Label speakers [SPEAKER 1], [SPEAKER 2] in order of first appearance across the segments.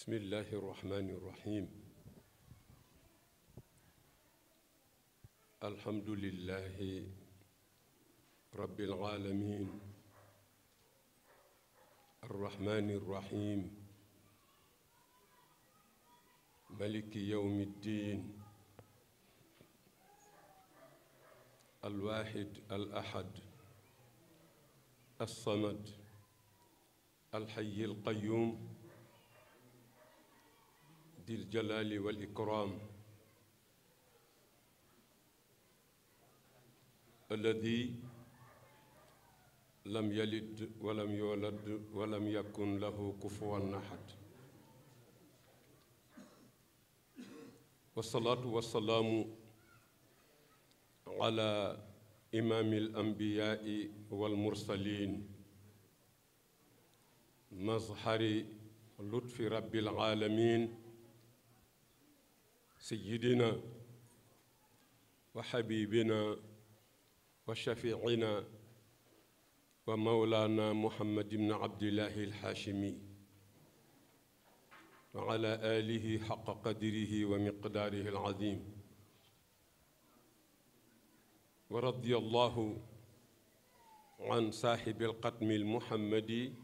[SPEAKER 1] bismillahi irrahmani irrahim alhamdulilahi rabbil alamin arrahmani irrahim maliki yowmi ddin alwaxid al ahad alsamad alxayi alqayum ذي الجلال والإكرام الذي لم يلد ولم يولد ولم يكن له كفوا أحد والصلاة والسلام على إمام الأنبياء والمرسلين مظهر لطف رب العالمين سيدنا وحبيبنا وشفيعنا ومولانا محمد بن عبد الله الحاشمي وعلى آله حق قدره ومقداره العظيم ورضي الله عن صاحب القتم المحمدي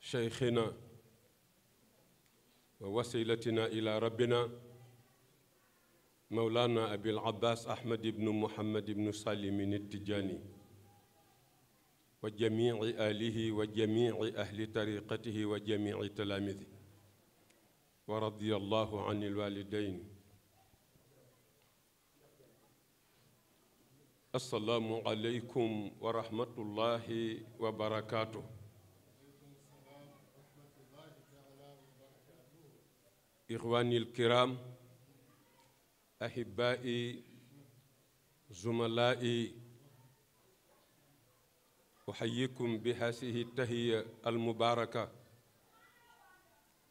[SPEAKER 1] شيخنا ووسيلتنا إلى ربنا مولانا أبي العباس أحمد بن محمد بن سالم التجاني وجميع آله وجميع أهل طريقته وجميع تلامذه ورضي الله عن الوالدين السلام عليكم ورحمة الله وبركاته إخواني الكرام أحبائي زملائي أحييكم بهذه التهية المباركة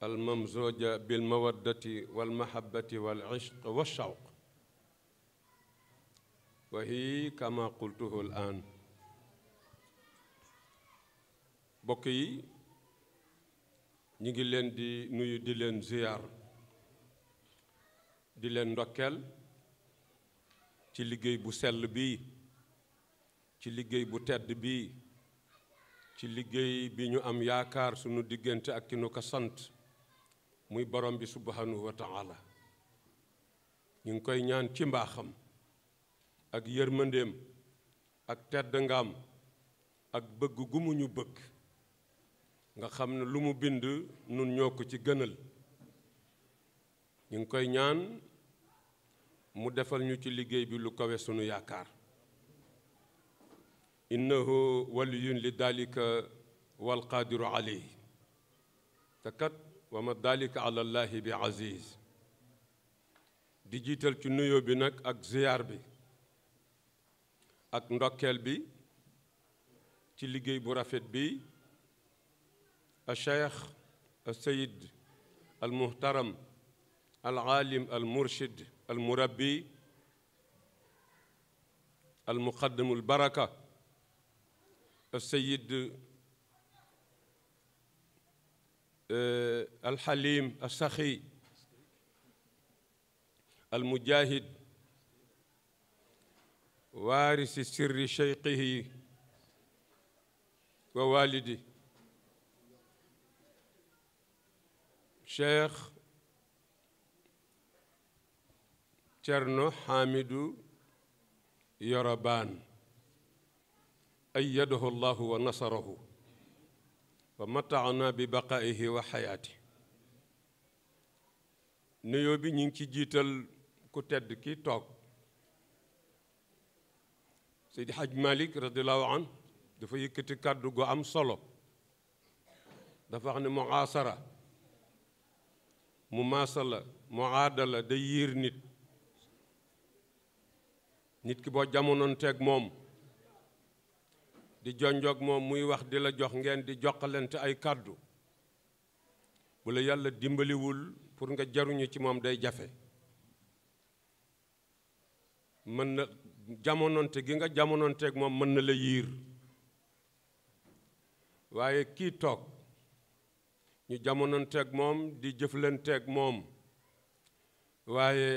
[SPEAKER 1] الممزوجة بالمودة والمحبة والعشق والشوق وهي كما قلته الآن بقي نيجي لين دي نيو دي لين زيار di leen ndokkeel ci liggéey bu sell bi ci liggéey bu tedd bi ci liggéey bi ñu am yaakaar sunu diggante ak ki ko sant muy borom bi subhanahu wa ñu ngi koy ñaan ci mbaaxam ak yërmandeem ak tedd ngaam ak bëgg gu mu ñu bëgg nga xam ni lu mu bind nun ñoo ko ci gënal ñu ngi koy ñaan mu defal ñu ci liggéey bi lu kawe sunu yaakaar innahu waliyun li dalika walqaadiru alayhi te kat wa ma dalika ala bi aziz di jiital ci nuyoo bi nag ak ziyaar bi ak ndokkeel bi ci liggéey bu rafet bi a cheikh a sayid alaalim almurshid almurabbi almuqaddamu albaraka alsayid alxalim alsaxi almujahid waarisi sirri cheyqihi wa walidi cheikh Cerno Xaamidu Yorobaan ayyadahu llahu wa nasarahu wa mataana bi baqaihi wa xayaati nuyoo bi ñu ngi ci jiital ku tedd ki toog Seydi Xaj Malik radiallahu an dafa yëkkati kàddu gu am solo dafa wax ne muaasara mu maasala mu aadala day yiir nit nit ki boo jamonoonteeg moom di jonjoog moom muy wax di la jox ngeen di joxalante ay kàddu bu la yàlla dimbaliwul pour nga jaruñu ci moom day jafe mën na jamononte gi nga jamononteeg moom mën na la yiir waaye kii toog ñu jamononteeg moom di jëflanteeg moom waaye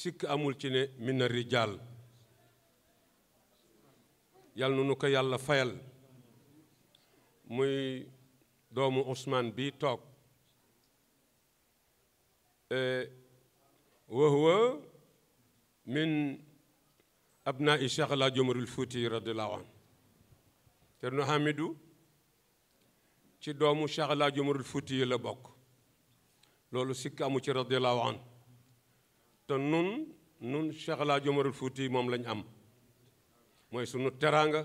[SPEAKER 1] sikk amul ci ne min na rijaal yal na nu ko yàlla fayal muy doomu usmaan bi toog e, wa huwa min abnaa'i Cheikh El Hadj Omarul Fouti radiyallahu anhu Cerno Hamidou ci doomu Cheikh El Hadj la bokk loolu sikk amu ci radiyallahu anhu te nun nun Cheikh El Hadj moom lañ am mooy sunu teraanga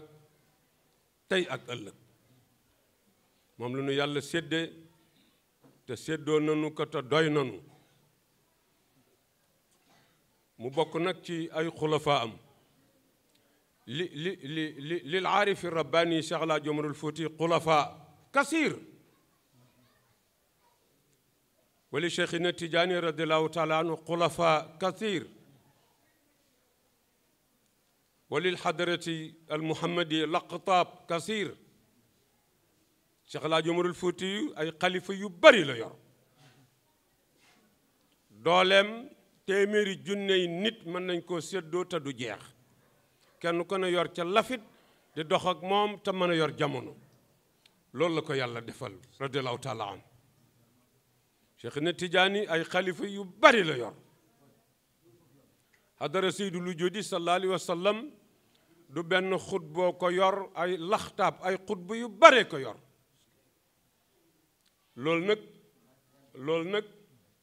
[SPEAKER 1] tey ak ëllëg moom lu nu yàlla séddee te séddoo nanu ko te doy nanu mu bokk nag ci ay xulafaa am li li li li lil aarifi rabbaani Cheikh El Hadj Omarul Fouti xulafaa kasiir wali Cheikh na Tijaani radiallahu taala anhu وللحضرة المحمدية لقطاب كثير Cheikh El Hadj Omarul Fouti ay xalifa yu bari la yor dooleem téeméeri junney nit mën nañ koo séddoo te du jeex kenn ku ne yor ca lafit di dox ak moom te mën a yor jamono loolu la ko yàlla defal radiallahu taala an Cheikh na ay xalifa yu bari la yor hadara Seydul Wujuudi sallallahu alayhi wa du benn xut boo ko yor ay laxtaab ay xutb yu baree ko yor loolu nag loolu nag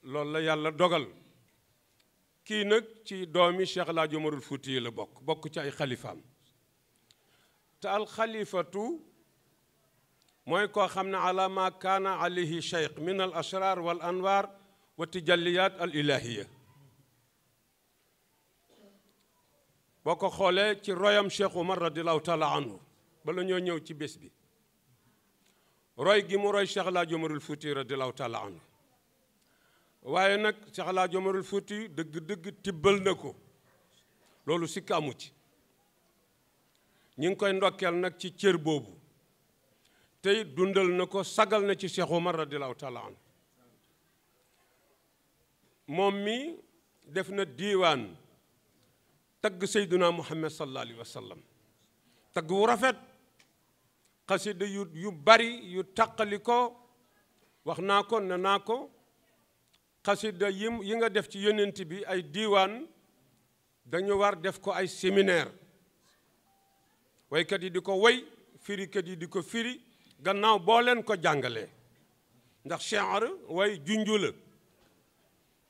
[SPEAKER 1] loolu la yàlla dogal kii nag ci doomi Cheikh El Hadj Omarul Fouti yi la bokk bokk ci ay xalifaam te alxalifatu mooy koo xam ne ala ma kaana alayhi cheikh min al asrar wal anwar wa tijalliyaat al ilahiya boo ko xoolee ci royam Cheikh Omar radiallahu taala anhu bala ñoo ñëw ci bés bi roy gi mu roy Cheikh Alaaji Omarul Fuuti radiallahu taala waaye nag Cheikh Alaaji Omarul Fuuti dëgg-dëgg tibbal na ko loolu sikk amu ci ñi ngi koy ndokkeel nag ci cër boobu tey dundal na ko sagal na ci Cheikh Omar radiallahu taala anhu moom mi def na diiwaan tagg seyduna muhammad sallallahu alayhi tagg wu rafet xasida yu yu bari yu taqali ko wax naa ko ne naa ko xasida yi nga def ci yonent bi ay diiwaan dañu war def ko ay séminaire waykat yi di ko woy firikat yi di ko firi gannaaw boo leen ko jàngalee ndax chenre way junju la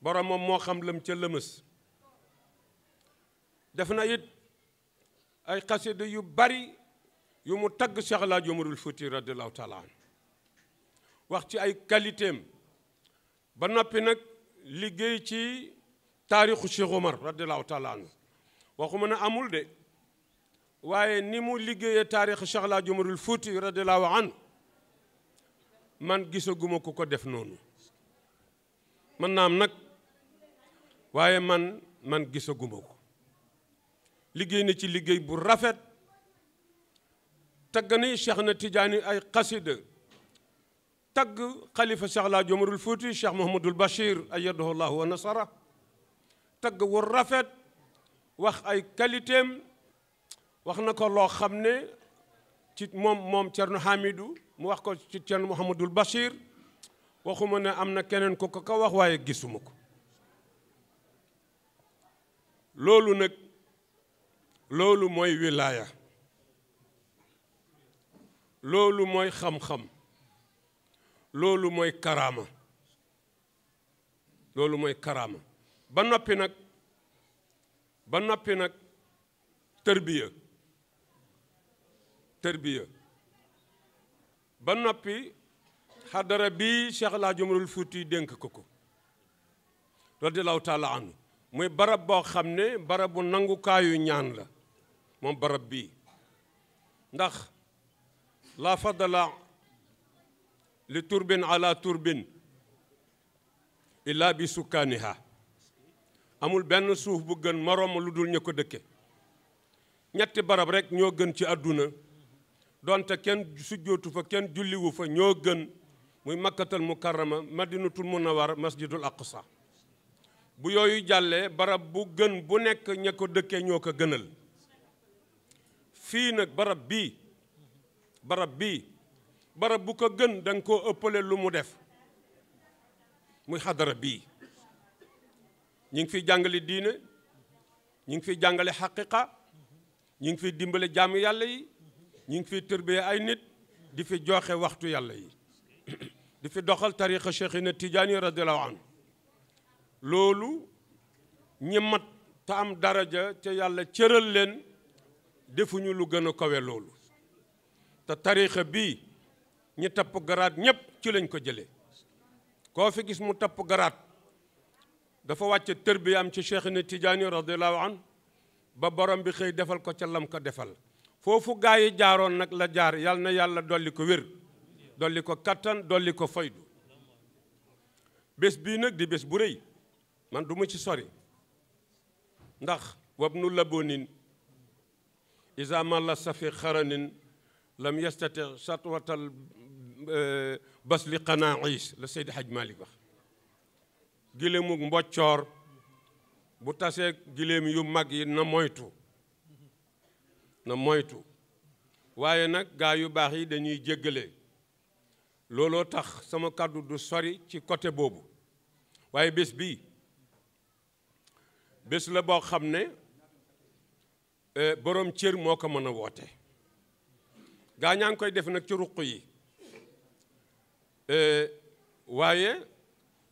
[SPEAKER 1] boromam moo xam lëm ca lëmës def na it ay xasida yu bari yu mu tagg Cheikh El Hadj Omarul Fouti radiallahu wax ci ay qualitéem ba noppi nag liggéey ci taarixu Cheikh Omar radiallahu taala waxuma ne amul de waaye ni mu liggéeyee taarixu Cheikh El Hadj Omarul Fouti radiallahu man gisaguma ku ko def noonu man naam nag waaye man man gisaguma ko liggéey na ci liggéey bu rafet tagg na Cheikh na Tidiane ay xasida tagg xalifa Cheikh Laaj Omarul Fuuti Cheikh Mouhamadul Bachir ayyadahu llahu wa nasara tagg wu rafet wax ay qualitéem wax na ko loo xam ne ci moom moom Thierno Hamidou mu wax ko ci Thierno Mouhamadul Bachir waxuma ne am na keneen ku ko ko wax waaye gisuma ko loolu nag loolu mooy wilaaya loolu mooy xam-xam loolu mooy karaama loolu mooy karaama ba noppi nag ba noppi nag tërbiya tërbiya ba noppi xadara bi Cheikh El Hadj dénk ko ko radiyallaahu taala anhu muy barab boo xam ne barabu nangukaayu ñaan la moom barab bii ndax laa fadala li turbin ala turbin illaa bi sukkaaniha amul benn suuf bu gën moroom lu dul ña ko dëkke ñetti barab rekk ñoo gën ci àdduna donte kenn sujjootu fa kenn julliwu fa ñoo gën muy makkatal mukarrama madinatul mën a munawwar masjidul aqsa bu yooyu jàllee barab bu gën bu nekk ña ko dëkkee ñoo ko gënal fii nag barab bii barab bii barab bu ko gën da koo ëppale lu mu def muy xadara bii ñu ngi fiy jàngale diine ñu ngi fiy jàngale xaqiqa ñu ngi fiy dimbale jàmm yàlla yi ñu ngi fi tërbiye ay nit di fi joxe waxtu yàlla yi di fi doxal tariqa na tijaani radiallahu anhu loolu ñi mat daraja te yàlla cëral leen defuñu lu gën a loolu te tariixa bi ñu tapp garaat ñépp ci lañ ko jëlee koo fi gis mu tapp garaat dafa wàcce tër bi am ci cheikh ni tijaani radiallahu an ba borom bi xëy defal ko ca lam ko defal foofu gaa yi jaaroon nag la jaar yal na yàlla dolli ko wér dolli ko kattan dolli ko faydu bés bii nag di bés bu rëy man duma ci sori ndax wab nu labonin isa malla safi xaranin lam yastati satwatal xanaa e, qanaais la Seydi Haj Malik wax mboccoor bu tasee giléem yu mag yi na moytu na moytu waaye nag gaa yu baax yi dañuy jéggale looloo tax sama kàddu du sori ci côté boobu waaye bés bii bés la boo xam ne Euh, borom cër moo ko mën a woote gaa ñaa ngi koy def nag ci ruq yi euh, waaye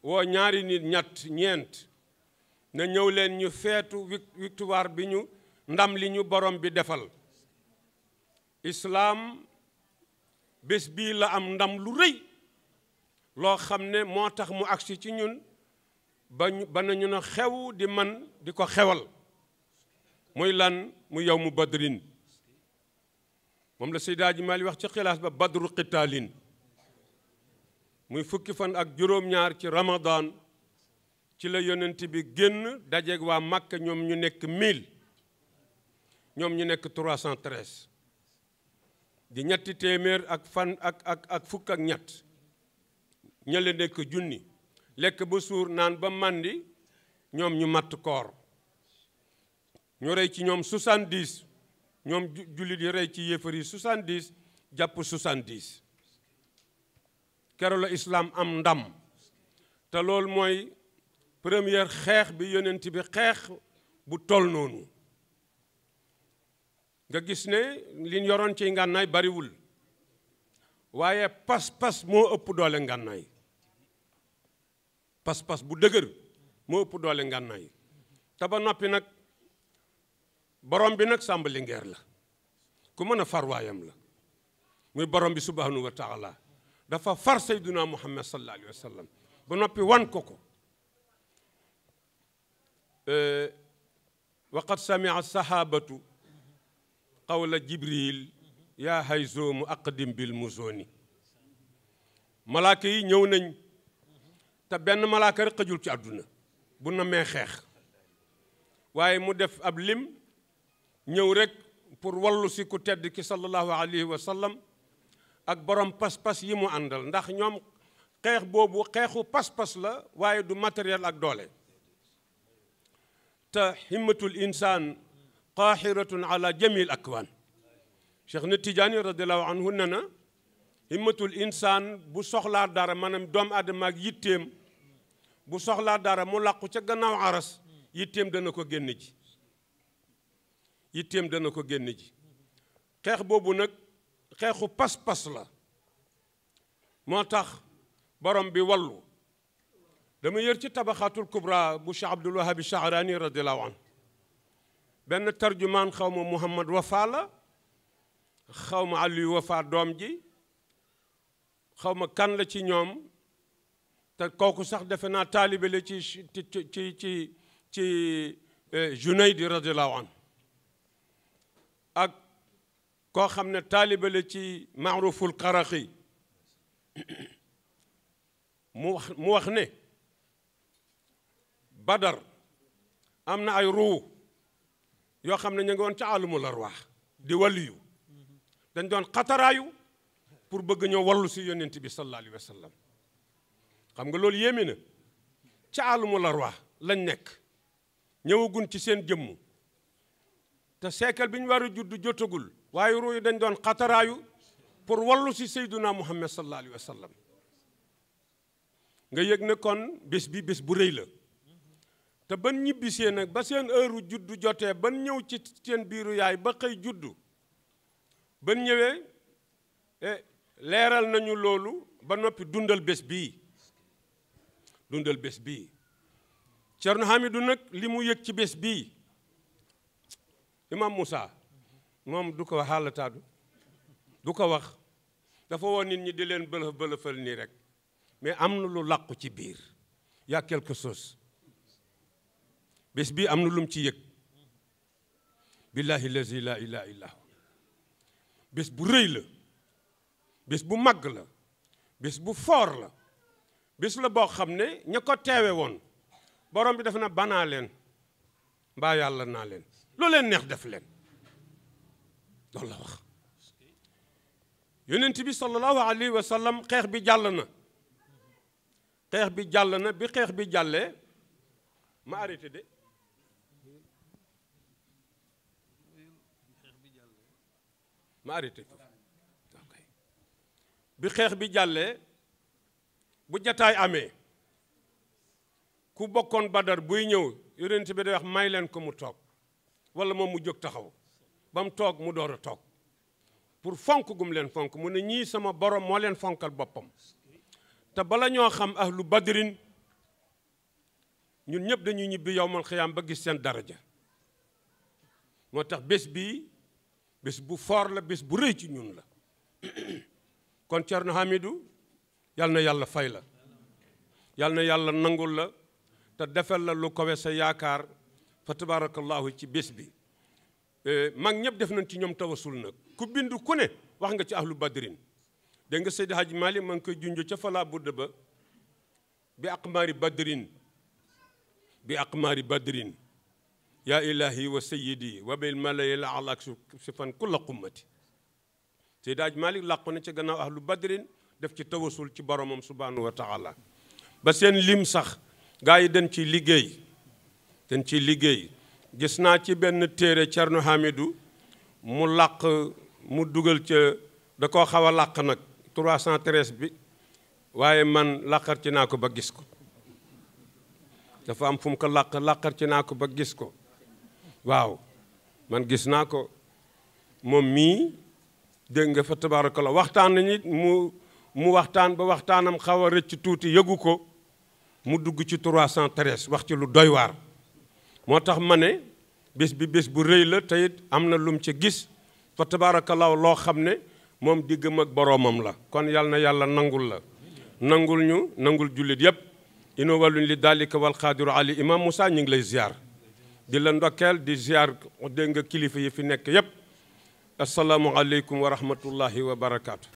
[SPEAKER 1] woo ñaari nit ñett ñeent na ñëw leen ñu feetu victoire bi ñu ndam li ñu borom bi defal islaam bés bii la am ndam lu rëy loo xam ne moo tax mu agsi ci ñun ba ñu ba nañu na xew di man di ko xewal muy lan mu yow mu badrin moom la Seydi ji Maalik wax ci xilaas ba badru qitaalin muy fukki fan ak juróom-ñaar ci ramadan ci la yonent bi génn dajeek waa Màkka ñoom ñu nekk 1000 ñoom ñu nekk 313 di ñetti téeméer ak fan ak ak ak fukk ak ñett ña nekk junni lekk ba suur naan ba màndi ñoom ñu matt koor ñu rey ci ñoom 70 ñoom jullit yi rey ci yéefar yi 70 jàpp 70 keroog la islaam am ndam te loolu mooy première xeex bi yonent bi xeex bu toll noonu nga gis ne liñ yoroon ci ngànnaay bariwul waaye pas-pas moo ëpp doole ngànnaay pas-pas bu dëgër moo ëpp doole ngànnaay te ba noppi nag borom bi nag Samba Linguère la ku mën a farwaayam la muy borom bi subhanahu wa taala dafa far sayduna muhammad sallallahu alayhi wa sallam ba noppi wan ko ko wa qad samia sahabatu qawla jibril yaa hayzoomu aqdim bil muzooni malaaka yi ñëw nañ te benn malaaka rek ci àdduna bu na xeex waaye mu def ab lim ñëw rek pour wallu si ku tedd ki sallallahu alayhi wa ak borom pas-pas yi mu àndal ndax ñoom xeex boobu xeexu pas-pas la waaye du matériel ak doole te himmatul insaan qaahiratun ala jamil akwaan cheikh na tijaani radiallahu anhu ne na insaan bu soxlaa dara maanaam doom aadama yitteem bu soxlaa dara mu làqu ca gannaaw aras yitteem dana ko génn ji yitteem dana ko génn ji xeex boobu nag xeexu pas-pas la moo tax borom bi wallu dama yër ci tabaxaatul kubra bu Cheikh Abdul Wahab Sha'rani radiallahu anhu benn tarjumaan xaw ma Muhammad Wafa la xaw ma Ali doom ji xaw ma kan la ci ñoom te kooku sax defe naa taalibe la ci ci ci ci ci eh, Junayd radiallahu anhu ak koo xam ne taaliba la ci maaruful xaraxi mu wax mu wax ne badar am na ay ruu yoo xam ne ñu ngi woon ca àllumul waa di waliyu dañ doon xataraayu pour bëgg ñoo wallu si yonent bi sallallahu alayhi wa sallam xam nga loolu yéeme na ca àllumul arwaax lañ nekk ñëwaguñ ci seen jëmm te siècle bi ñu war a judd jotagul waaye ruu yi dañ doon xataraayu pour wallu si sayduna muhammad sallallahu alayhi wa sallam nga yëg ne kon bés bi bés bu rëy la te ban ñibbisee nag ba seen heure juddu jotee ban ñëw ci seen biiru yaay ba xëy juddu ban ñëwee e, leeral nañu loolu ba noppi dundal bés bi dundal bés bii Cerno Hamidou nag li mu yëg ci bés bii imam Moussa moom du ko xaalataadu du ko wax dafa woo nit ñi di leen bëlëf bëlëfal nii rek mais am na lu làqu ci biir y a quelque chose bés bii am na lum ci yëg billahi lazi la bés bu rëy la bés bu màgg la bés bu foor la bés la boo xam ne ña ko teewe woon borom bi def na banaa leen mbaa yàlla naa leen lu leen neex def leen loolu la wax yonent bi sallallahu alayhi wa sallam xeex bi jàll na xeex bi jàll na bi xeex bi jàllee ma arrêté de ma bi xeex bi jàllee bu jataay amee ku bokkoon badar buy ñëw yonent bi day wax may leen ko mu toog wala moom mu jóg taxaw ba mu toog mu door a toog pour fonk gum leen fonk mu ne ñii sama borom moo leen fonkal boppam te bala ñoo xam lu badrin ñun ñëpp dañuy ñibbi yowmal xiyaam ba gis seen daraja moo tax bés bii bés bu foor la bés bu rëy ci ñun la kon cer Cerno Hamidou yal na yàlla fay la yal na yàlla nangul la te defal la lu kowe sa yaakaar fa tabaarakallaahu ci bés bi eh, mag ñëpp def nañ ci ñoom tawasul nag ku bindu ku ne wax nga ci ahlu badrin dégg nga Seydi Hadji Malick ma koy junjo ca falaa budd ba bi aqmaari badrin bi aqmaari badrin yaa ilahi wa sayidi wa bil malay la alak si fan kulla qummati Seydi Hadji Malick làqu na ca ahlu badrin def ci tawasul ci boromam subhanahu wa taala ba seen lim sax gaa yi den ci liggéey dañ ci liggéey gis naa ci benn téere Thierno Hamidou mu làq mu dugal ca da koo xaw a làq nag 313 bi waaye man làqar ci naa ko ba gis ko dafa am fu mu ko làq làqar ci naa ko ba gis ko waaw man gis naa ko moom mii dégg nga fa tabaarakalla waxtaan nañu mu mu waxtaan ba waxtaanam xaw a rëcc tuuti yëgu ko mu dugg ci cent 313 wax ci lu doy waar moo tax ma ne bis bi bés bu rëy la te am na lum ci gis fa tabaarakallaahu loo xam ne moom diggam ak boroomam la kon yàlla na yàlla nangul la nangul ñu nangul jullit yépp ino wàlluñ li daalika wal qaadiru ali imam Moussa ñu ngi lay ziar di la ndokkeel di ziar dégg nga kilifa yi fi nekk yépp asalaamualeykum wa rahmatullahi wa barakaatu.